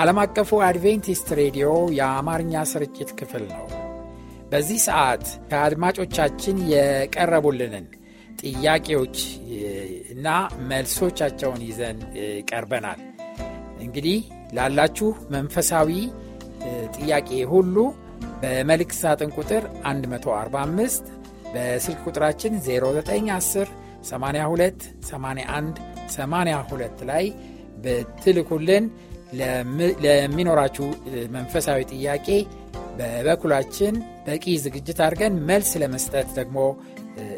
ዓለም አቀፉ አድቬንቲስት ሬዲዮ የአማርኛ ስርጭት ክፍል ነው። በዚህ ሰዓት ከአድማጮቻችን የቀረቡልንን ጥያቄዎች እና መልሶቻቸውን ይዘን ቀርበናል። እንግዲህ ላላችሁ መንፈሳዊ ጥያቄ ሁሉ በመልእክት ሳጥን ቁጥር 145 በስልክ ቁጥራችን 0910 82 81 82 ላይ ብትልኩልን ለሚኖራችሁ መንፈሳዊ ጥያቄ በበኩላችን በቂ ዝግጅት አድርገን መልስ ለመስጠት ደግሞ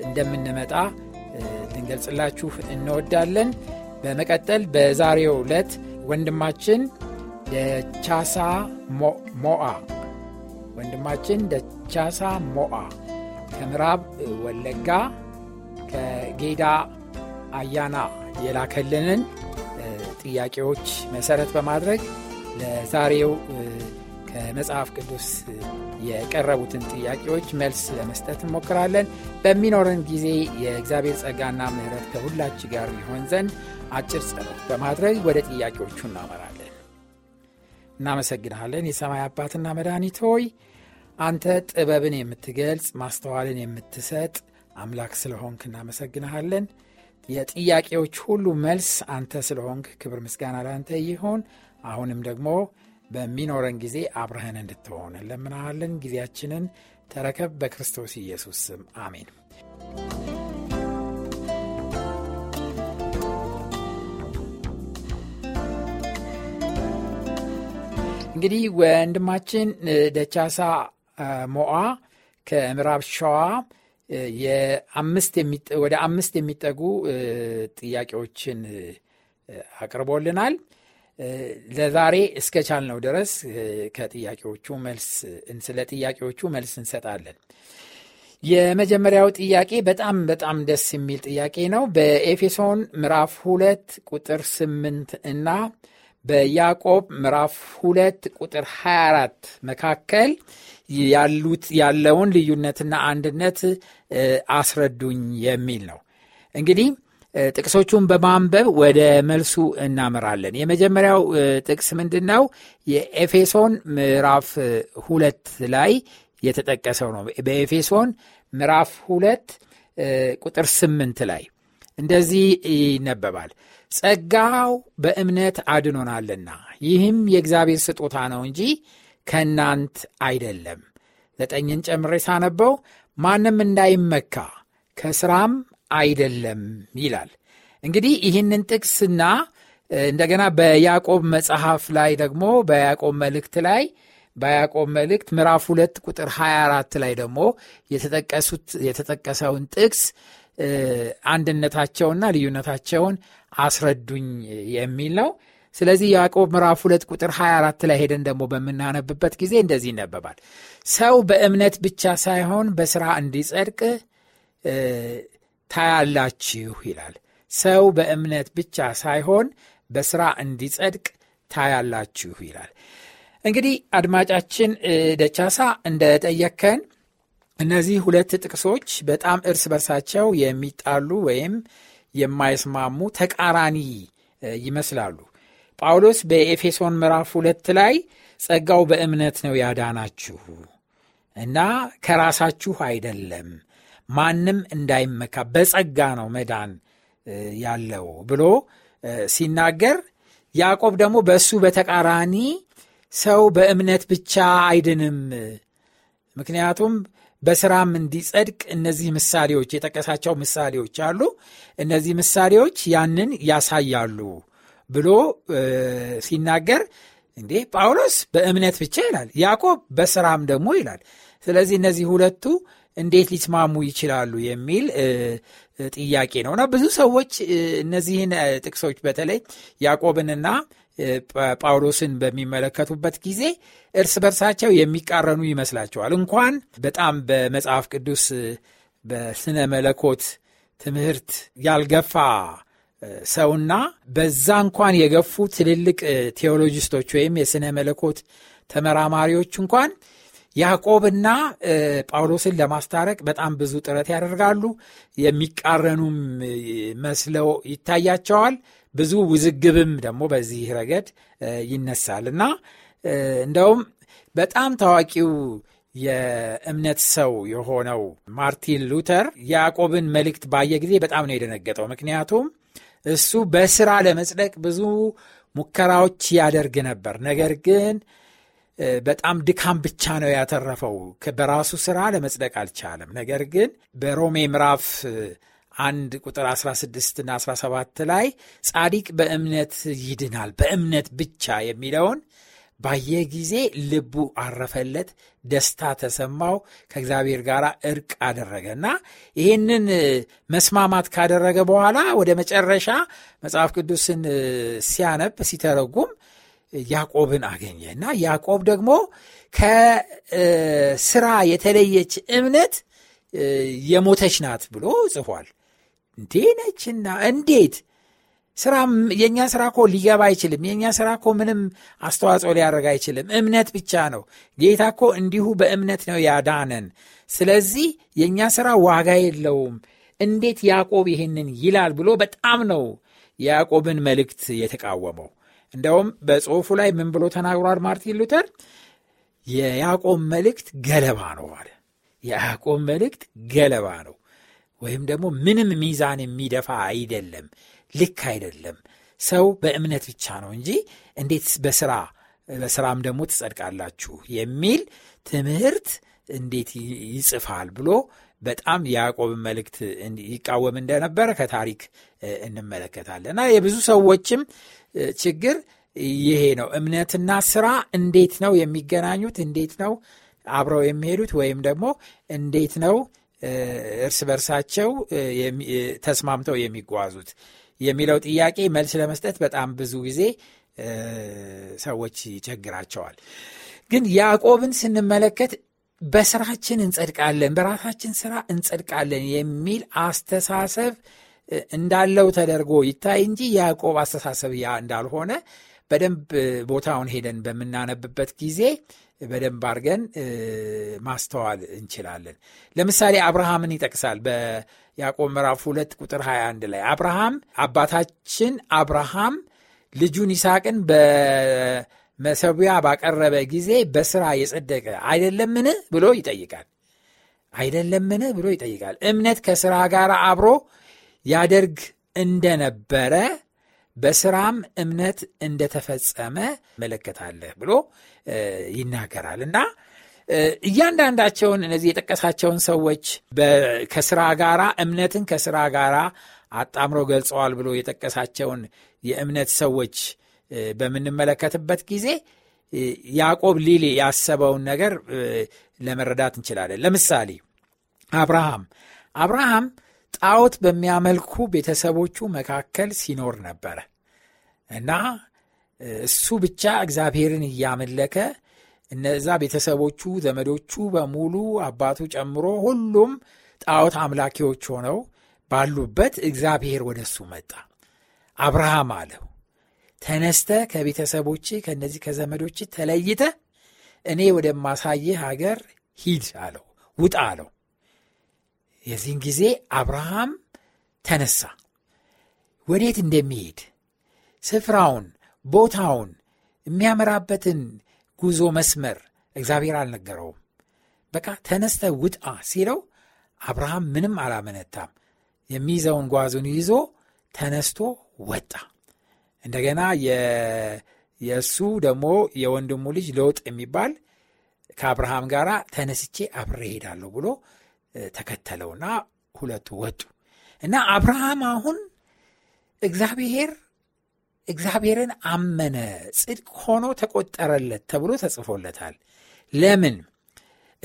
እንደምንመጣ ልንገልጽላችሁ እንወዳለን። በመቀጠል በዛሬው ዕለት ወንድማችን ደቻሳ ሞአ ወንድማችን ደቻሳ ሞአ ከምዕራብ ወለጋ ከጌዳ አያና የላከልንን ጥያቄዎች መሰረት በማድረግ ለዛሬው ከመጽሐፍ ቅዱስ የቀረቡትን ጥያቄዎች መልስ ለመስጠት እንሞክራለን። በሚኖረን ጊዜ የእግዚአብሔር ጸጋና ምህረት ከሁላች ጋር ይሆን ዘንድ አጭር ጸሎት በማድረግ ወደ ጥያቄዎቹ እናመራለን። እናመሰግናለን የሰማይ አባትና መድኃኒት ሆይ አንተ ጥበብን የምትገልጽ ማስተዋልን የምትሰጥ አምላክ ስለሆንክ እናመሰግንሃለን። የጥያቄዎች ሁሉ መልስ አንተ ስለሆንክ ክብር ምስጋና ለአንተ ይሆን። አሁንም ደግሞ በሚኖረን ጊዜ አብረህን እንድትሆን እንለምናሃለን። ጊዜያችንን ተረከብ። በክርስቶስ ኢየሱስ ስም አሜን። እንግዲህ ወንድማችን ደቻሳ ሞአ ከምዕራብ ሸዋ ወደ አምስት የሚጠጉ ጥያቄዎችን አቅርቦልናል። ለዛሬ እስከ ቻልነው ድረስ ከጥያቄዎቹ መልስ ስለ ጥያቄዎቹ መልስ እንሰጣለን። የመጀመሪያው ጥያቄ በጣም በጣም ደስ የሚል ጥያቄ ነው። በኤፌሶን ምዕራፍ ሁለት ቁጥር ስምንት እና በያዕቆብ ምዕራፍ ሁለት ቁጥር 24 መካከል ያሉት ያለውን ልዩነትና አንድነት አስረዱኝ የሚል ነው። እንግዲህ ጥቅሶቹን በማንበብ ወደ መልሱ እናመራለን። የመጀመሪያው ጥቅስ ምንድን ነው? የኤፌሶን ምዕራፍ ሁለት ላይ የተጠቀሰው ነው። በኤፌሶን ምዕራፍ ሁለት ቁጥር ስምንት ላይ እንደዚህ ይነበባል። ጸጋው በእምነት አድኖናልና ይህም የእግዚአብሔር ስጦታ ነው እንጂ ከእናንት አይደለም። ዘጠኝን ጨምሬ ሳነበው ማንም እንዳይመካ ከስራም አይደለም ይላል። እንግዲህ ይህንን ጥቅስና እንደገና በያዕቆብ መጽሐፍ ላይ ደግሞ በያዕቆብ መልእክት ላይ በያዕቆብ መልእክት ምዕራፍ ሁለት ቁጥር 24 ላይ ደግሞ የተጠቀሰውን ጥቅስ አንድነታቸውና ልዩነታቸውን አስረዱኝ የሚል ነው። ስለዚህ ያዕቆብ ምዕራፍ 2 ቁጥር 24 ላይ ሄደን ደግሞ በምናነብበት ጊዜ እንደዚህ ይነበባል። ሰው በእምነት ብቻ ሳይሆን በስራ እንዲጸድቅ ታያላችሁ ይላል። ሰው በእምነት ብቻ ሳይሆን በስራ እንዲጸድቅ ታያላችሁ ይላል። እንግዲህ አድማጫችን ደቻሳ እንደጠየከን እነዚህ ሁለት ጥቅሶች በጣም እርስ በርሳቸው የሚጣሉ ወይም የማይስማሙ ተቃራኒ ይመስላሉ። ጳውሎስ በኤፌሶን ምዕራፍ ሁለት ላይ ጸጋው በእምነት ነው ያዳናችሁ እና ከራሳችሁ አይደለም ማንም እንዳይመካ በጸጋ ነው መዳን ያለው ብሎ ሲናገር ያዕቆብ ደግሞ በእሱ በተቃራኒ ሰው በእምነት ብቻ አይድንም ምክንያቱም በስራም እንዲጸድቅ እነዚህ ምሳሌዎች የጠቀሳቸው ምሳሌዎች አሉ እነዚህ ምሳሌዎች ያንን ያሳያሉ ብሎ ሲናገር እንዴ ጳውሎስ በእምነት ብቻ ይላል፣ ያዕቆብ በስራም ደግሞ ይላል። ስለዚህ እነዚህ ሁለቱ እንዴት ሊስማሙ ይችላሉ የሚል ጥያቄ እና ብዙ ሰዎች እነዚህን ጥቅሶች በተለይ ያዕቆብንና ጳውሎስን በሚመለከቱበት ጊዜ እርስ በርሳቸው የሚቃረኑ ይመስላቸዋል። እንኳን በጣም በመጽሐፍ ቅዱስ በስነ መለኮት ትምህርት ያልገፋ ሰውና በዛ እንኳን የገፉ ትልልቅ ቴዎሎጂስቶች ወይም የሥነ መለኮት ተመራማሪዎች እንኳን ያዕቆብና ጳውሎስን ለማስታረቅ በጣም ብዙ ጥረት ያደርጋሉ። የሚቃረኑም መስለው ይታያቸዋል። ብዙ ውዝግብም ደግሞ በዚህ ረገድ ይነሳል እና እንደውም በጣም ታዋቂው የእምነት ሰው የሆነው ማርቲን ሉተር ያዕቆብን መልእክት ባየ ጊዜ በጣም ነው የደነገጠው። ምክንያቱም እሱ በስራ ለመጽደቅ ብዙ ሙከራዎች ያደርግ ነበር። ነገር ግን በጣም ድካም ብቻ ነው ያተረፈው። በራሱ ስራ ለመጽደቅ አልቻለም። ነገር ግን በሮሜ ምዕራፍ አንድ ቁጥር 16ና 17 ላይ ጻዲቅ በእምነት ይድናል፣ በእምነት ብቻ የሚለውን ባየ ጊዜ ልቡ አረፈለት፣ ደስታ ተሰማው፣ ከእግዚአብሔር ጋር እርቅ አደረገ እና ይህንን መስማማት ካደረገ በኋላ ወደ መጨረሻ መጽሐፍ ቅዱስን ሲያነብ ሲተረጉም ያዕቆብን አገኘ እና ያዕቆብ ደግሞ ከስራ የተለየች እምነት የሞተች ናት ብሎ ጽፏል። እንዴ ነችና እንዴት ስራ የእኛ ስራ እኮ ሊገባ አይችልም። የእኛ ስራ ኮ ምንም አስተዋጽኦ ሊያደርግ አይችልም። እምነት ብቻ ነው። ጌታ ኮ እንዲሁ በእምነት ነው ያዳነን። ስለዚህ የእኛ ስራ ዋጋ የለውም። እንዴት ያዕቆብ ይህንን ይላል ብሎ በጣም ነው የያዕቆብን መልእክት የተቃወመው። እንደውም በጽሁፉ ላይ ምን ብሎ ተናግሯል ማርቲን ሉተር? የያዕቆብ መልእክት ገለባ ነው አለ። የያዕቆብ መልእክት ገለባ ነው ወይም ደግሞ ምንም ሚዛን የሚደፋ አይደለም ልክ አይደለም። ሰው በእምነት ብቻ ነው እንጂ እንዴት በስራ በስራም ደግሞ ትጸድቃላችሁ የሚል ትምህርት እንዴት ይጽፋል ብሎ በጣም የያዕቆብ መልእክት ይቃወም እንደነበረ ከታሪክ እንመለከታለን። እና የብዙ ሰዎችም ችግር ይሄ ነው። እምነትና ስራ እንዴት ነው የሚገናኙት? እንዴት ነው አብረው የሚሄዱት? ወይም ደግሞ እንዴት ነው እርስ በርሳቸው ተስማምተው የሚጓዙት የሚለው ጥያቄ መልስ ለመስጠት በጣም ብዙ ጊዜ ሰዎች ይቸግራቸዋል። ግን ያዕቆብን ስንመለከት በስራችን እንጸድቃለን፣ በራሳችን ስራ እንጸድቃለን የሚል አስተሳሰብ እንዳለው ተደርጎ ይታይ እንጂ ያዕቆብ አስተሳሰብ ያ እንዳልሆነ በደንብ ቦታውን ሄደን በምናነብበት ጊዜ በደንብ አድርገን ማስተዋል እንችላለን። ለምሳሌ አብርሃምን ይጠቅሳል በያዕቆብ ምዕራፍ 2 ቁጥር 21 ላይ አብርሃም አባታችን አብርሃም ልጁን ይስሐቅን በመሰቢያ ባቀረበ ጊዜ በስራ የጸደቀ አይደለምን ብሎ ይጠይቃል። አይደለምን ብሎ ይጠይቃል። እምነት ከስራ ጋር አብሮ ያደርግ እንደነበረ በስራም እምነት እንደተፈጸመ መለከታለህ ብሎ ይናገራል እና እያንዳንዳቸውን እነዚህ የጠቀሳቸውን ሰዎች ከስራ ጋራ እምነትን ከስራ ጋራ አጣምሮ ገልጸዋል ብሎ የጠቀሳቸውን የእምነት ሰዎች በምንመለከትበት ጊዜ ያዕቆብ ሊል ያሰበውን ነገር ለመረዳት እንችላለን። ለምሳሌ አብርሃም አብርሃም ጣዖት በሚያመልኩ ቤተሰቦቹ መካከል ሲኖር ነበረ። እና እሱ ብቻ እግዚአብሔርን እያመለከ እነዛ ቤተሰቦቹ፣ ዘመዶቹ በሙሉ አባቱ ጨምሮ ሁሉም ጣዖት አምላኪዎች ሆነው ባሉበት እግዚአብሔር ወደ እሱ መጣ። አብርሃም አለው ተነስተ ከቤተሰቦች ከእነዚህ ከዘመዶች ተለይተ እኔ ወደማሳይህ ሀገር ሂድ አለው፣ ውጣ አለው። የዚህን ጊዜ አብርሃም ተነሳ። ወዴት እንደሚሄድ ስፍራውን፣ ቦታውን፣ የሚያመራበትን ጉዞ መስመር እግዚአብሔር አልነገረውም። በቃ ተነስተ ውጣ ሲለው አብርሃም ምንም አላመነታም። የሚይዘውን ጓዙን ይዞ ተነስቶ ወጣ። እንደገና የእሱ ደግሞ የወንድሙ ልጅ ለውጥ የሚባል ከአብርሃም ጋር ተነስቼ አብሬ ሄዳለሁ ብሎ ተከተለውና ሁለቱ ወጡ እና አብርሃም አሁን እግዚአብሔር እግዚአብሔርን አመነ ጽድቅ ሆኖ ተቆጠረለት ተብሎ ተጽፎለታል። ለምን?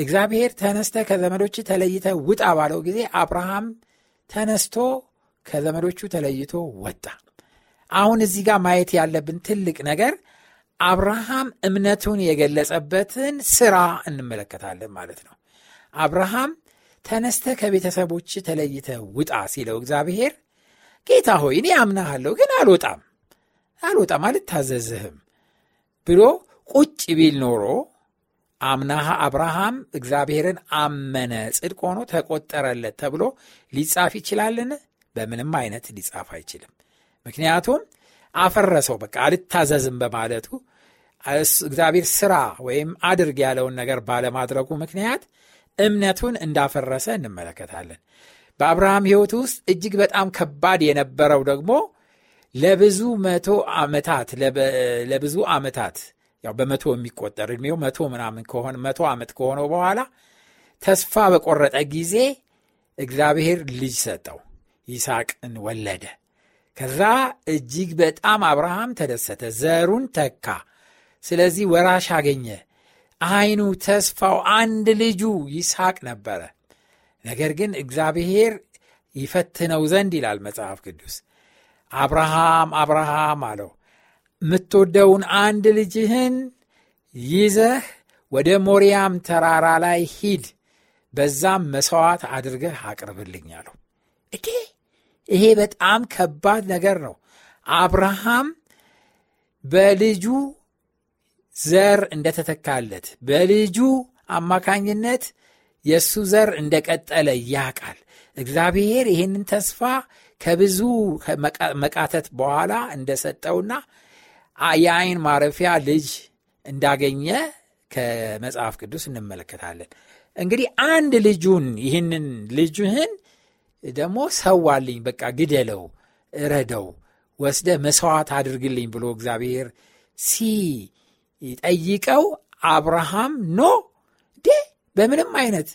እግዚአብሔር ተነስተ ከዘመዶች ተለይተ ውጣ ባለው ጊዜ አብርሃም ተነስቶ ከዘመዶቹ ተለይቶ ወጣ። አሁን እዚህ ጋር ማየት ያለብን ትልቅ ነገር አብርሃም እምነቱን የገለጸበትን ስራ እንመለከታለን ማለት ነው። አብርሃም ተነስተ ከቤተሰቦች ተለይተ ውጣ ሲለው እግዚአብሔር ጌታ ሆይ እኔ አምናሃለሁ ግን አልወጣም አልወጣም አልታዘዝህም ብሎ ቁጭ ቢል ኖሮ አምናሃ አብርሃም እግዚአብሔርን አመነ ጽድቅ ሆኖ ተቆጠረለት ተብሎ ሊጻፍ ይችላልን? በምንም አይነት ሊጻፍ አይችልም። ምክንያቱም አፈረሰው። በቃ አልታዘዝም በማለቱ እግዚአብሔር ስራ ወይም አድርግ ያለውን ነገር ባለማድረጉ ምክንያት እምነቱን እንዳፈረሰ እንመለከታለን። በአብርሃም ህይወት ውስጥ እጅግ በጣም ከባድ የነበረው ደግሞ ለብዙ መቶ ዓመታት ለብዙ ዓመታት ያው በመቶ የሚቆጠር እድሜው መቶ ምናምን ከሆነ መቶ ዓመት ከሆነው በኋላ ተስፋ በቆረጠ ጊዜ እግዚአብሔር ልጅ ሰጠው፣ ይስሐቅን ወለደ። ከዛ እጅግ በጣም አብርሃም ተደሰተ፣ ዘሩን ተካ። ስለዚህ ወራሽ አገኘ። አይኑ ተስፋው አንድ ልጁ ይስሐቅ ነበረ። ነገር ግን እግዚአብሔር ይፈትነው ዘንድ ይላል መጽሐፍ ቅዱስ አብርሃም አብርሃም አለው። የምትወደውን አንድ ልጅህን ይዘህ ወደ ሞሪያም ተራራ ላይ ሂድ፣ በዛም መሥዋዕት አድርገህ አቅርብልኝ አለው። እቴ ይሄ በጣም ከባድ ነገር ነው። አብርሃም በልጁ ዘር እንደተተካለት በልጁ አማካኝነት የእሱ ዘር እንደቀጠለ ያቃል። እግዚአብሔር ይህንን ተስፋ ከብዙ መቃተት በኋላ እንደሰጠውና የአይን ማረፊያ ልጅ እንዳገኘ ከመጽሐፍ ቅዱስ እንመለከታለን። እንግዲህ አንድ ልጁን ይህንን ልጅህን ደግሞ ሰዋልኝ፣ በቃ ግደለው፣ እረደው፣ ወስደ መስዋዕት አድርግልኝ ብሎ እግዚአብሔር ሲጠይቀው አብርሃም ኖ ዴ በምንም አይነት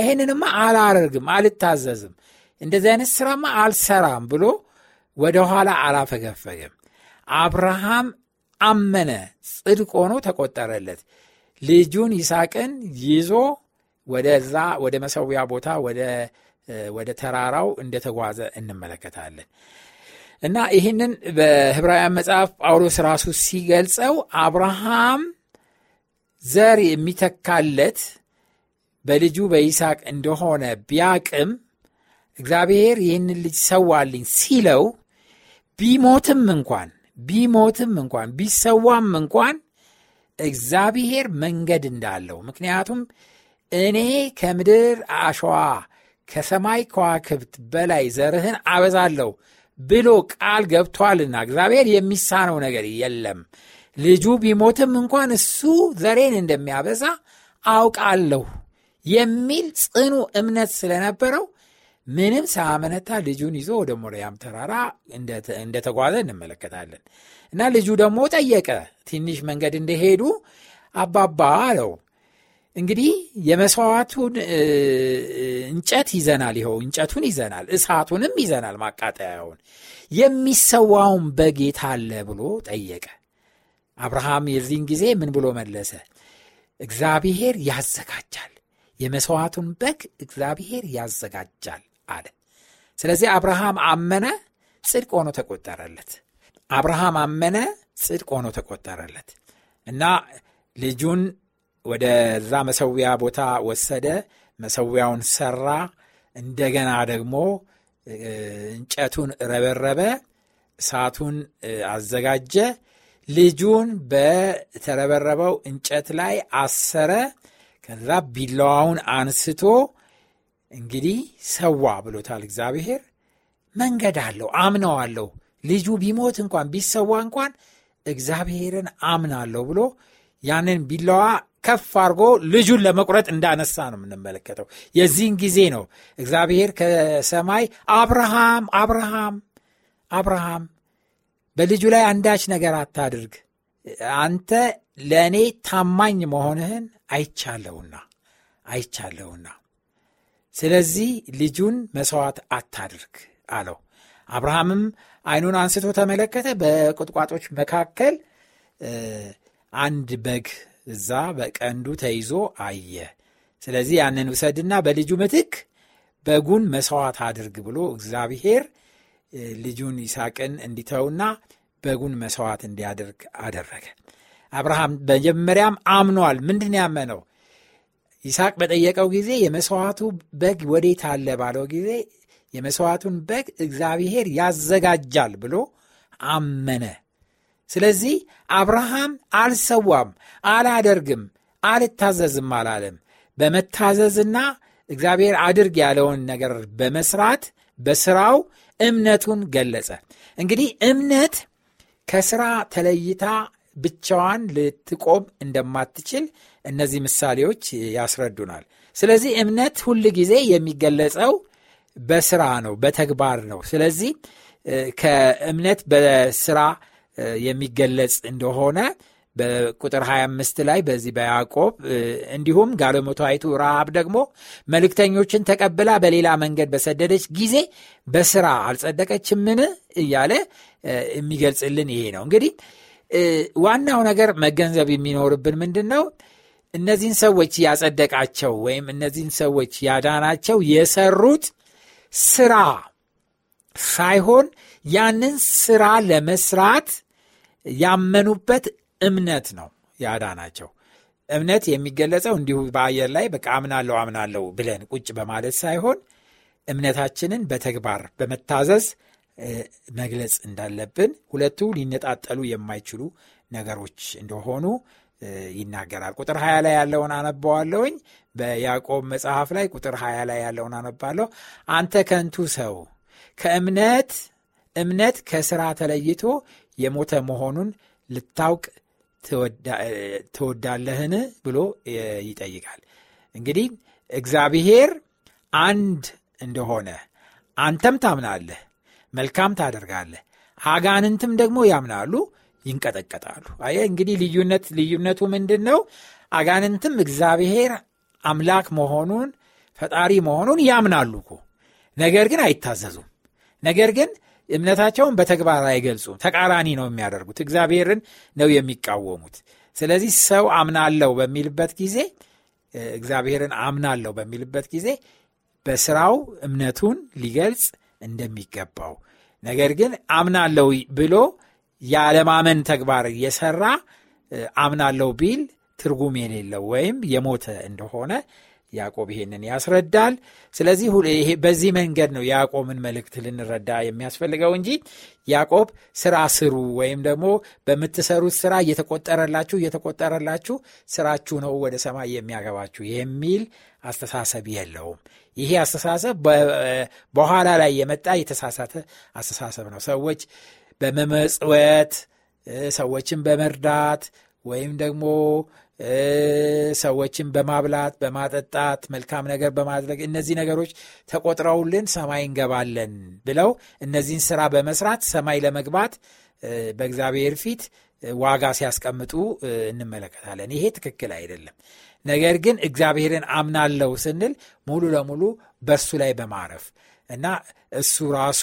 ይሄንንማ አላደርግም፣ አልታዘዝም እንደዚህ አይነት ስራማ አልሰራም ብሎ ወደኋላ አላፈገፈግም። አብርሃም አመነ፣ ጽድቅ ሆኖ ተቆጠረለት። ልጁን ይስሐቅን ይዞ ወደዛ ወደ መሰዊያ ቦታ ወደ ተራራው እንደተጓዘ እንመለከታለን። እና ይህንን በህብራውያን መጽሐፍ ጳውሎስ ራሱ ሲገልጸው አብርሃም ዘር የሚተካለት በልጁ በይስሐቅ እንደሆነ ቢያቅም እግዚአብሔር ይህንን ልጅ ሰዋልኝ ሲለው ቢሞትም እንኳን ቢሞትም እንኳን ቢሰዋም እንኳን እግዚአብሔር መንገድ እንዳለው ምክንያቱም እኔ ከምድር አሸዋ ከሰማይ ከዋክብት በላይ ዘርህን አበዛለሁ ብሎ ቃል ገብቷልና እግዚአብሔር የሚሳነው ነገር የለም። ልጁ ቢሞትም እንኳን እሱ ዘሬን እንደሚያበዛ አውቃለሁ የሚል ጽኑ እምነት ስለነበረው ምንም ሳያመነታ ልጁን ይዞ ወደ ሞሪያም ተራራ እንደተጓዘ እንመለከታለን። እና ልጁ ደግሞ ጠየቀ። ትንሽ መንገድ እንደሄዱ አባባ አለው እንግዲህ የመስዋዕቱን እንጨት ይዘናል፣ ይኸው እንጨቱን ይዘናል፣ እሳቱንም ይዘናል፣ ማቃጠያውን የሚሰዋውን በጌታ አለ ብሎ ጠየቀ። አብርሃም የዚህን ጊዜ ምን ብሎ መለሰ? እግዚአብሔር ያዘጋጃል፣ የመስዋዕቱን በግ እግዚአብሔር ያዘጋጃል አለ። ስለዚህ አብርሃም አመነ፣ ጽድቅ ሆኖ ተቆጠረለት። አብርሃም አመነ፣ ጽድቅ ሆኖ ተቆጠረለት እና ልጁን ወደዛ መሰዊያ ቦታ ወሰደ። መሰዊያውን ሰራ። እንደገና ደግሞ እንጨቱን ረበረበ፣ እሳቱን አዘጋጀ። ልጁን በተረበረበው እንጨት ላይ አሰረ። ከዛ ቢላዋውን አንስቶ እንግዲህ ሰዋ ብሎታል እግዚአብሔር። መንገድ አለው፣ አምነዋለሁ። ልጁ ቢሞት እንኳን ቢሰዋ እንኳን እግዚአብሔርን አምናለሁ ብሎ ያንን ቢላዋ ከፍ አድርጎ ልጁን ለመቁረጥ እንዳነሳ ነው የምንመለከተው። የዚህን ጊዜ ነው እግዚአብሔር ከሰማይ አብርሃም አብርሃም አብርሃም በልጁ ላይ አንዳች ነገር አታድርግ፣ አንተ ለእኔ ታማኝ መሆንህን አይቻለውና አይቻለውና ስለዚህ ልጁን መሥዋዕት አታድርግ አለው። አብርሃምም አይኑን አንስቶ ተመለከተ። በቁጥቋጦች መካከል አንድ በግ እዛ በቀንዱ ተይዞ አየ። ስለዚህ ያንን ውሰድና በልጁ ምትክ በጉን መሥዋዕት አድርግ ብሎ እግዚአብሔር ልጁን ይስሐቅን እንዲተውና በጉን መሥዋዕት እንዲያደርግ አደረገ። አብርሃም መጀመሪያም አምኗል። ምንድን ያመነው? ይስሐቅ በጠየቀው ጊዜ የመስዋዕቱ በግ ወዴት አለ ባለው ጊዜ የመስዋዕቱን በግ እግዚአብሔር ያዘጋጃል ብሎ አመነ። ስለዚህ አብርሃም አልሰዋም፣ አላደርግም፣ አልታዘዝም አላለም። በመታዘዝና እግዚአብሔር አድርግ ያለውን ነገር በመስራት በስራው እምነቱን ገለጸ። እንግዲህ እምነት ከስራ ተለይታ ብቻዋን ልትቆም እንደማትችል እነዚህ ምሳሌዎች ያስረዱናል። ስለዚህ እምነት ሁል ጊዜ የሚገለጸው በስራ ነው፣ በተግባር ነው። ስለዚህ ከእምነት በስራ የሚገለጽ እንደሆነ በቁጥር 25 ላይ በዚህ በያዕቆብ እንዲሁም ጋለሞታይቱ ረሃብ ደግሞ መልእክተኞችን ተቀብላ በሌላ መንገድ በሰደደች ጊዜ በስራ አልጸደቀችምን እያለ የሚገልጽልን ይሄ ነው እንግዲህ ዋናው ነገር መገንዘብ የሚኖርብን ምንድን ነው? እነዚህን ሰዎች ያጸደቃቸው ወይም እነዚህን ሰዎች ያዳናቸው የሰሩት ስራ ሳይሆን ያንን ስራ ለመስራት ያመኑበት እምነት ነው ያዳናቸው። እምነት የሚገለጸው እንዲሁ በአየር ላይ በቃ አምናለሁ አምናለሁ ብለን ቁጭ በማለት ሳይሆን እምነታችንን በተግባር በመታዘዝ መግለጽ እንዳለብን ሁለቱ ሊነጣጠሉ የማይችሉ ነገሮች እንደሆኑ ይናገራል። ቁጥር ሀያ ላይ ያለውን አነባዋለሁኝ። በያዕቆብ መጽሐፍ ላይ ቁጥር ሀያ ላይ ያለውን አነባለሁ። አንተ ከንቱ ሰው ከእምነት እምነት ከስራ ተለይቶ የሞተ መሆኑን ልታውቅ ትወዳለህን ብሎ ይጠይቃል። እንግዲህ እግዚአብሔር አንድ እንደሆነ አንተም ታምናለህ መልካም ታደርጋለህ። አጋንንትም ደግሞ ያምናሉ፣ ይንቀጠቀጣሉ። አየ እንግዲህ ልዩነት ልዩነቱ ምንድን ነው? አጋንንትም እግዚአብሔር አምላክ መሆኑን ፈጣሪ መሆኑን ያምናሉ እኮ ነገር ግን አይታዘዙም። ነገር ግን እምነታቸውን በተግባር አይገልጹም። ተቃራኒ ነው የሚያደርጉት፣ እግዚአብሔርን ነው የሚቃወሙት። ስለዚህ ሰው አምናለው በሚልበት ጊዜ እግዚአብሔርን አምናለው በሚልበት ጊዜ በስራው እምነቱን ሊገልጽ እንደሚገባው ነገር ግን አምናለው ብሎ የአለማመን ተግባር የሰራ አምናለው ቢል ትርጉም የሌለው ወይም የሞተ እንደሆነ ያዕቆብ ይሄንን ያስረዳል። ስለዚህ በዚህ መንገድ ነው ያዕቆብን መልእክት ልንረዳ የሚያስፈልገው እንጂ ያዕቆብ ስራ ስሩ ወይም ደግሞ በምትሰሩት ስራ እየተቆጠረላችሁ እየተቆጠረላችሁ ስራችሁ ነው ወደ ሰማይ የሚያገባችሁ የሚል አስተሳሰብ የለውም። ይሄ አስተሳሰብ በኋላ ላይ የመጣ የተሳሳተ አስተሳሰብ ነው። ሰዎች በመመጽወት ሰዎችን በመርዳት ወይም ደግሞ ሰዎችን በማብላት በማጠጣት መልካም ነገር በማድረግ እነዚህ ነገሮች ተቆጥረውልን ሰማይ እንገባለን ብለው እነዚህን ስራ በመስራት ሰማይ ለመግባት በእግዚአብሔር ፊት ዋጋ ሲያስቀምጡ እንመለከታለን። ይሄ ትክክል አይደለም። ነገር ግን እግዚአብሔርን አምናለው ስንል ሙሉ ለሙሉ በእሱ ላይ በማረፍ እና እሱ ራሱ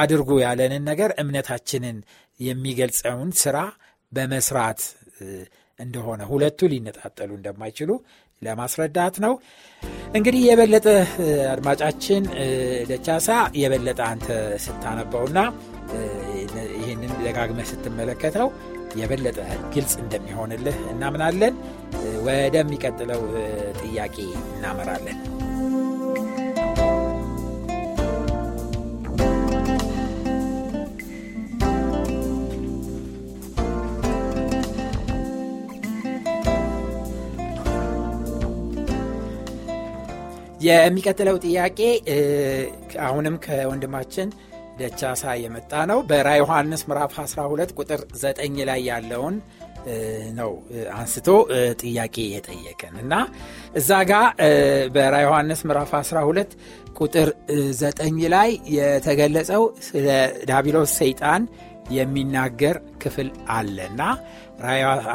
አድርጎ ያለንን ነገር እምነታችንን የሚገልጸውን ስራ በመስራት እንደሆነ ሁለቱ ሊነጣጠሉ እንደማይችሉ ለማስረዳት ነው። እንግዲህ የበለጠ አድማጫችን ደቻሳ የበለጠ አንተ ስታነበውና ይህንን ደጋግመ ስትመለከተው የበለጠ ግልጽ እንደሚሆንልህ እናምናለን። ወደሚቀጥለው ጥያቄ እናመራለን። የሚቀጥለው ጥያቄ አሁንም ከወንድማችን ደቻሳ የመጣ ነው። በራ ዮሐንስ ምዕራፍ 12 ቁጥር 9 ላይ ያለውን ነው አንስቶ ጥያቄ የጠየቀን እና እዛ ጋ በራ ዮሐንስ ምዕራፍ 12 ቁጥር 9 ላይ የተገለጸው ስለ ዳቢሎስ ሰይጣን የሚናገር ክፍል እና ራ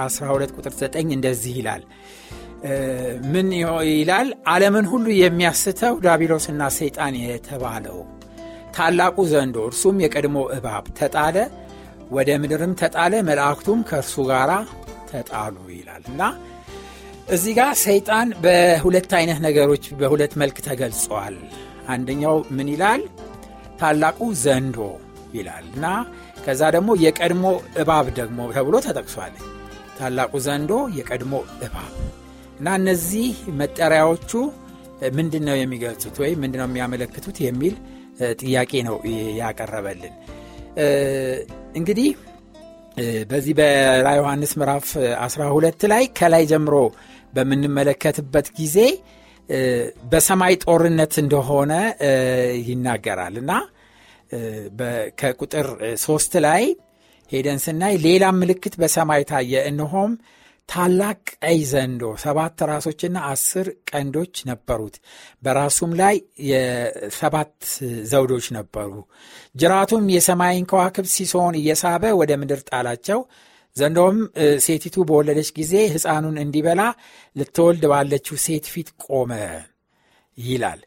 12 ቁጥር 9 እንደዚህ ይላል። ምን ይላል? ዓለምን ሁሉ የሚያስተው ዳቢሎስና ሰይጣን የተባለው ታላቁ ዘንዶ እርሱም የቀድሞ እባብ ተጣለ፣ ወደ ምድርም ተጣለ፣ መላእክቱም ከእርሱ ጋር ተጣሉ ይላል እና እዚህ ጋር ሰይጣን በሁለት አይነት ነገሮች በሁለት መልክ ተገልጿል። አንደኛው ምን ይላል? ታላቁ ዘንዶ ይላል እና ከዛ ደግሞ የቀድሞ እባብ ደግሞ ተብሎ ተጠቅሷል። ታላቁ ዘንዶ፣ የቀድሞ እባብ እና እነዚህ መጠሪያዎቹ ምንድን ነው የሚገልጹት ወይም ምንድነው የሚያመለክቱት የሚል ጥያቄ ነው ያቀረበልን። እንግዲህ በዚህ በራ ዮሐንስ ምዕራፍ 12 ላይ ከላይ ጀምሮ በምንመለከትበት ጊዜ በሰማይ ጦርነት እንደሆነ ይናገራል እና ከቁጥር ሶስት ላይ ሄደን ስናይ ሌላም ምልክት በሰማይ ታየ፣ እነሆም ታላቅ ቀይ ዘንዶ ሰባት ራሶችና አስር ቀንዶች ነበሩት። በራሱም ላይ የሰባት ዘውዶች ነበሩ። ጅራቱም የሰማይን ከዋክብት ሲሶውን እየሳበ ወደ ምድር ጣላቸው። ዘንዶም ሴቲቱ በወለደች ጊዜ ሕፃኑን እንዲበላ ልትወልድ ባለችው ሴት ፊት ቆመ ይላል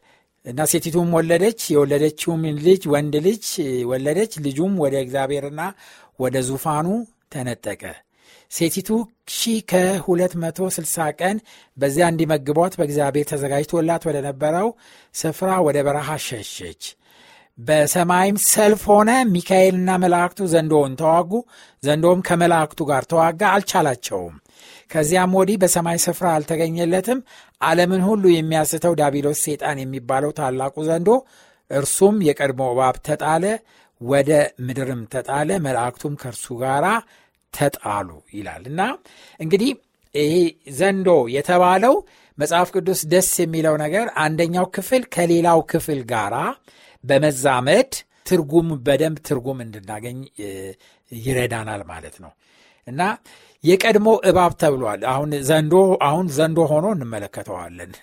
እና ሴቲቱም ወለደች፣ የወለደችውም ልጅ ወንድ ልጅ ወለደች። ልጁም ወደ እግዚአብሔርና ወደ ዙፋኑ ተነጠቀ። ሴቲቱ ሺህ ከ260 ቀን በዚያ እንዲመግቧት በእግዚአብሔር ተዘጋጅቶላት ወደ ነበረው ስፍራ ወደ በረሃ ሸሸች። በሰማይም ሰልፍ ሆነ። ሚካኤልና መላእክቱ ዘንዶውን ተዋጉ፣ ዘንዶውም ከመላእክቱ ጋር ተዋጋ፣ አልቻላቸውም። ከዚያም ወዲህ በሰማይ ስፍራ አልተገኘለትም። ዓለምን ሁሉ የሚያስተው ዳቢሎስ ሴጣን የሚባለው ታላቁ ዘንዶ እርሱም የቀድሞ እባብ ተጣለ፣ ወደ ምድርም ተጣለ። መላእክቱም ከእርሱ ጋራ ተጣሉ ይላል እና እንግዲህ ይሄ ዘንዶ የተባለው መጽሐፍ ቅዱስ ደስ የሚለው ነገር አንደኛው ክፍል ከሌላው ክፍል ጋር በመዛመድ ትርጉም በደንብ ትርጉም እንድናገኝ ይረዳናል ማለት ነው እና የቀድሞ እባብ ተብሏል። አሁን ዘንዶ አሁን ዘንዶ ሆኖ እንመለከተዋለን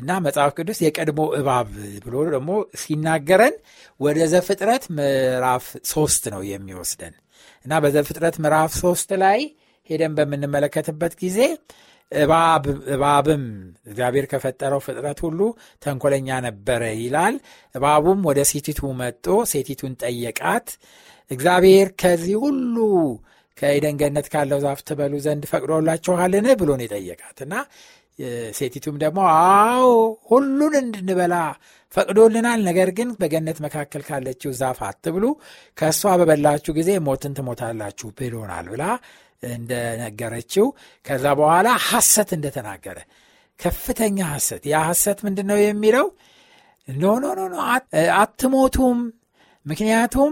እና መጽሐፍ ቅዱስ የቀድሞ እባብ ብሎ ደግሞ ሲናገረን ወደ ዘፍጥረት ምዕራፍ ሶስት ነው የሚወስደን እና በዘፍጥረት ምዕራፍ ሶስት ላይ ሄደን በምንመለከትበት ጊዜ እባብም እግዚአብሔር ከፈጠረው ፍጥረት ሁሉ ተንኮለኛ ነበረ ይላል። እባቡም ወደ ሴቲቱ መጦ ሴቲቱን ጠየቃት። እግዚአብሔር ከዚህ ሁሉ ከኤደን ካለው ዛፍ ትበሉ ዘንድ ፈቅዶላችኋልን ብሎን የጠየቃት እና ሴቲቱም ደግሞ አዎ ሁሉን እንድንበላ ፈቅዶልናል፣ ነገር ግን በገነት መካከል ካለችው ዛፍ አትብሉ፣ ከእሷ በበላችሁ ጊዜ ሞትን ትሞታላችሁ ብሎናል ብላ እንደነገረችው ከዛ በኋላ ሐሰት እንደተናገረ ከፍተኛ ሐሰት። ያ ሐሰት ምንድን ነው የሚለው? ኖ ኖ ኖ አትሞቱም፣ ምክንያቱም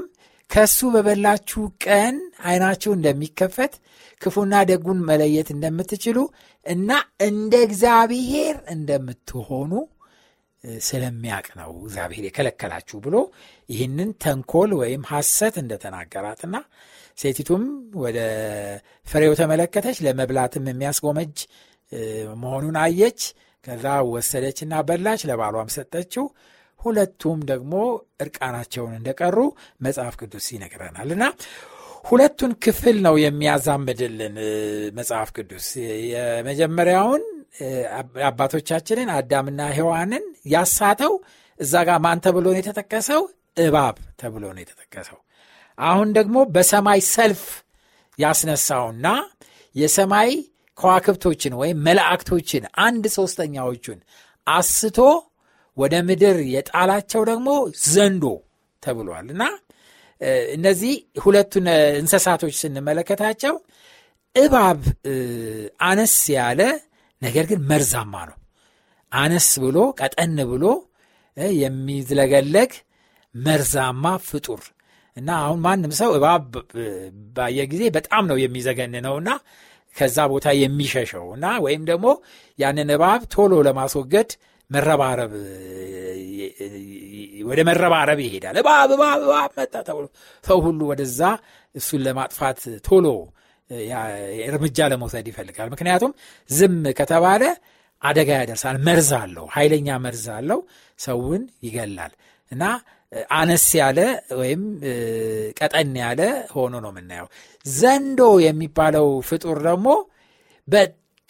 ከእሱ በበላችሁ ቀን ዓይናችሁ እንደሚከፈት ክፉና ደጉን መለየት እንደምትችሉ እና እንደ እግዚአብሔር እንደምትሆኑ ስለሚያቅ ነው እግዚአብሔር የከለከላችሁ ብሎ ይህንን ተንኮል ወይም ሐሰት እንደተናገራትና ሴቲቱም ወደ ፍሬው ተመለከተች፣ ለመብላትም የሚያስጎመጅ መሆኑን አየች። ከዛ ወሰደችና በላች፣ ለባሏም ሰጠችው። ሁለቱም ደግሞ እርቃናቸውን እንደቀሩ መጽሐፍ ቅዱስ ይነግረናል እና ሁለቱን ክፍል ነው የሚያዛምድልን መጽሐፍ ቅዱስ የመጀመሪያውን አባቶቻችንን አዳምና ሔዋንን ያሳተው እዛ ጋር ማን ተብሎ ነው የተጠቀሰው እባብ ተብሎ ነው የተጠቀሰው አሁን ደግሞ በሰማይ ሰልፍ ያስነሳውና የሰማይ ከዋክብቶችን ወይም መላእክቶችን አንድ ሶስተኛዎቹን አስቶ ወደ ምድር የጣላቸው ደግሞ ዘንዶ ተብሏል እና እነዚህ ሁለቱን እንስሳቶች ስንመለከታቸው እባብ አነስ ያለ ነገር ግን መርዛማ ነው። አነስ ብሎ ቀጠን ብሎ የሚዝለገለግ መርዛማ ፍጡር እና አሁን ማንም ሰው እባብ ባየ ጊዜ በጣም ነው ነውና ከዛ ቦታ የሚሸሸው እና ወይም ደግሞ ያንን እባብ ቶሎ ለማስወገድ መረባረብ ወደ መረባረብ ይሄዳል። እባብ እባብ እባብ መጣ ተብሎ ሰው ሁሉ ወደዛ እሱን ለማጥፋት ቶሎ እርምጃ ለመውሰድ ይፈልጋል። ምክንያቱም ዝም ከተባለ አደጋ ያደርሳል። መርዝ አለው፣ ኃይለኛ መርዝ አለው። ሰውን ይገላል እና አነስ ያለ ወይም ቀጠን ያለ ሆኖ ነው የምናየው። ዘንዶ የሚባለው ፍጡር ደግሞ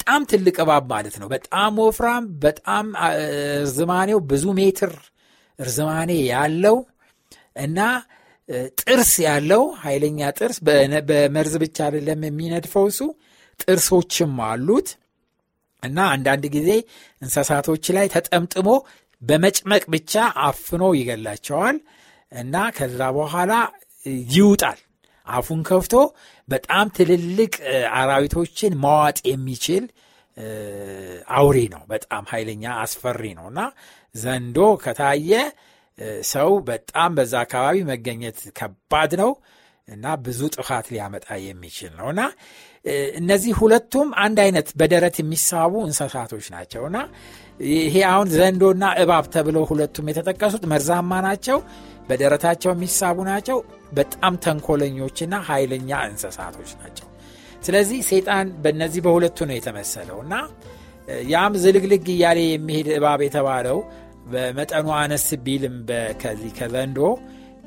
በጣም ትልቅ እባብ ማለት ነው። በጣም ወፍራም፣ በጣም እርዝማኔው ብዙ ሜትር እርዝማኔ ያለው እና ጥርስ ያለው ኃይለኛ ጥርስ። በመርዝ ብቻ አይደለም የሚነድፈው እሱ ጥርሶችም አሉት እና አንዳንድ ጊዜ እንስሳቶች ላይ ተጠምጥሞ በመጭመቅ ብቻ አፍኖ ይገላቸዋል እና ከዛ በኋላ ይውጣል አፉን ከፍቶ በጣም ትልልቅ አራዊቶችን መዋጥ የሚችል አውሬ ነው። በጣም ኃይለኛ አስፈሪ ነው እና ዘንዶ ከታየ ሰው በጣም በዛ አካባቢ መገኘት ከባድ ነው እና ብዙ ጥፋት ሊያመጣ የሚችል ነው እና እነዚህ ሁለቱም አንድ አይነት በደረት የሚሳቡ እንስሳቶች ናቸው እና ይሄ አሁን ዘንዶና እባብ ተብለው ሁለቱም የተጠቀሱት መርዛማ ናቸው። በደረታቸው የሚሳቡ ናቸው። በጣም ተንኮለኞችና ኃይለኛ እንስሳቶች ናቸው። ስለዚህ ሰይጣን በእነዚህ በሁለቱ ነው የተመሰለው እና ያም ዝልግልግ እያለ የሚሄድ እባብ የተባለው በመጠኑ አነስ ቢልም ከዚህ ከዘንዶ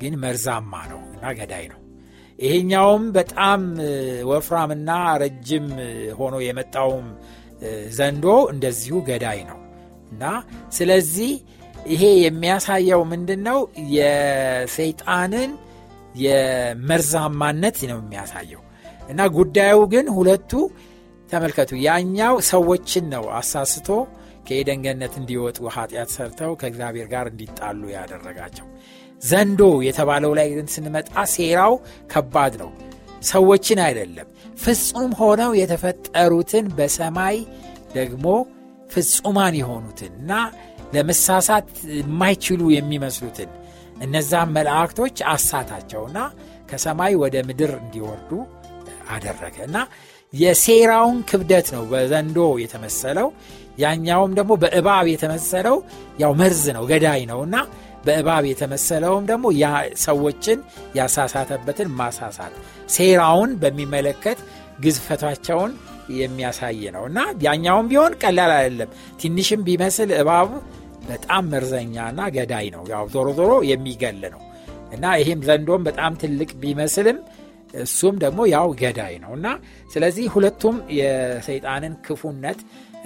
ግን መርዛማ ነው እና ገዳይ ነው። ይሄኛውም በጣም ወፍራምና ረጅም ሆኖ የመጣውም ዘንዶ እንደዚሁ ገዳይ ነው እና ስለዚህ ይሄ የሚያሳየው ምንድን ነው? የሰይጣንን የመርዛማነት ነው የሚያሳየው እና ጉዳዩ ግን ሁለቱ ተመልከቱ። ያኛው ሰዎችን ነው አሳስቶ ከየደንገነት እንዲወጡ ኃጢአት ሰርተው ከእግዚአብሔር ጋር እንዲጣሉ ያደረጋቸው። ዘንዶ የተባለው ላይ ግን ስንመጣ ሴራው ከባድ ነው። ሰዎችን አይደለም ፍጹም ሆነው የተፈጠሩትን በሰማይ ደግሞ ፍጹማን የሆኑትን እና ለመሳሳት የማይችሉ የሚመስሉትን እነዛ መላእክቶች አሳታቸውና ከሰማይ ወደ ምድር እንዲወርዱ አደረገ እና የሴራውን ክብደት ነው በዘንዶ የተመሰለው። ያኛውም ደግሞ በእባብ የተመሰለው ያው መርዝ ነው፣ ገዳይ ነው እና በእባብ የተመሰለውም ደግሞ ሰዎችን ያሳሳተበትን ማሳሳት ሴራውን በሚመለከት ግዝፈታቸውን የሚያሳይ ነው እና ያኛውም ቢሆን ቀላል አይደለም። ትንሽም ቢመስል እባቡ። በጣም መርዘኛና ገዳይ ነው። ያው ዞሮ ዞሮ የሚገል ነው እና ይህም ዘንዶም በጣም ትልቅ ቢመስልም እሱም ደግሞ ያው ገዳይ ነው እና ስለዚህ ሁለቱም የሰይጣንን ክፉነት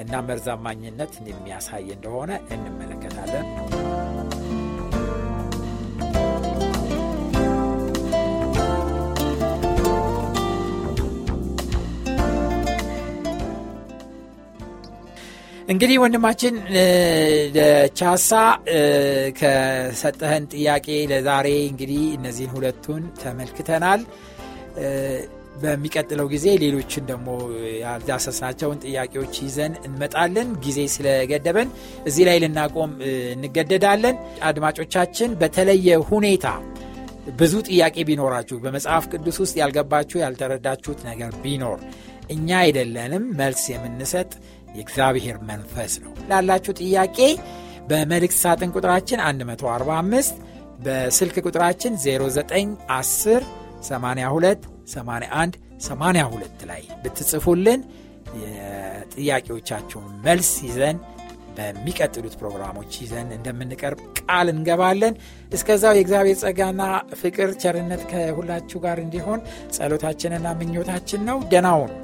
እና መርዛማኝነት የሚያሳይ እንደሆነ እንመለከታለን። እንግዲህ ወንድማችን ቻሳ ከሰጠህን ጥያቄ ለዛሬ እንግዲህ እነዚህን ሁለቱን ተመልክተናል። በሚቀጥለው ጊዜ ሌሎችን ደግሞ ያልዳሰስናቸውን ጥያቄዎች ይዘን እንመጣለን። ጊዜ ስለገደበን እዚህ ላይ ልናቆም እንገደዳለን። አድማጮቻችን በተለየ ሁኔታ ብዙ ጥያቄ ቢኖራችሁ በመጽሐፍ ቅዱስ ውስጥ ያልገባችሁ ያልተረዳችሁት ነገር ቢኖር እኛ አይደለንም መልስ የምንሰጥ የእግዚአብሔር መንፈስ ነው። ላላችሁ ጥያቄ በመልእክት ሳጥን ቁጥራችን 145 በስልክ ቁጥራችን 0910 82 81 82 ላይ ብትጽፉልን የጥያቄዎቻችሁን መልስ ይዘን በሚቀጥሉት ፕሮግራሞች ይዘን እንደምንቀርብ ቃል እንገባለን። እስከዛው የእግዚአብሔር ጸጋና ፍቅር፣ ቸርነት ከሁላችሁ ጋር እንዲሆን ጸሎታችንና ምኞታችን ነው። ደናውን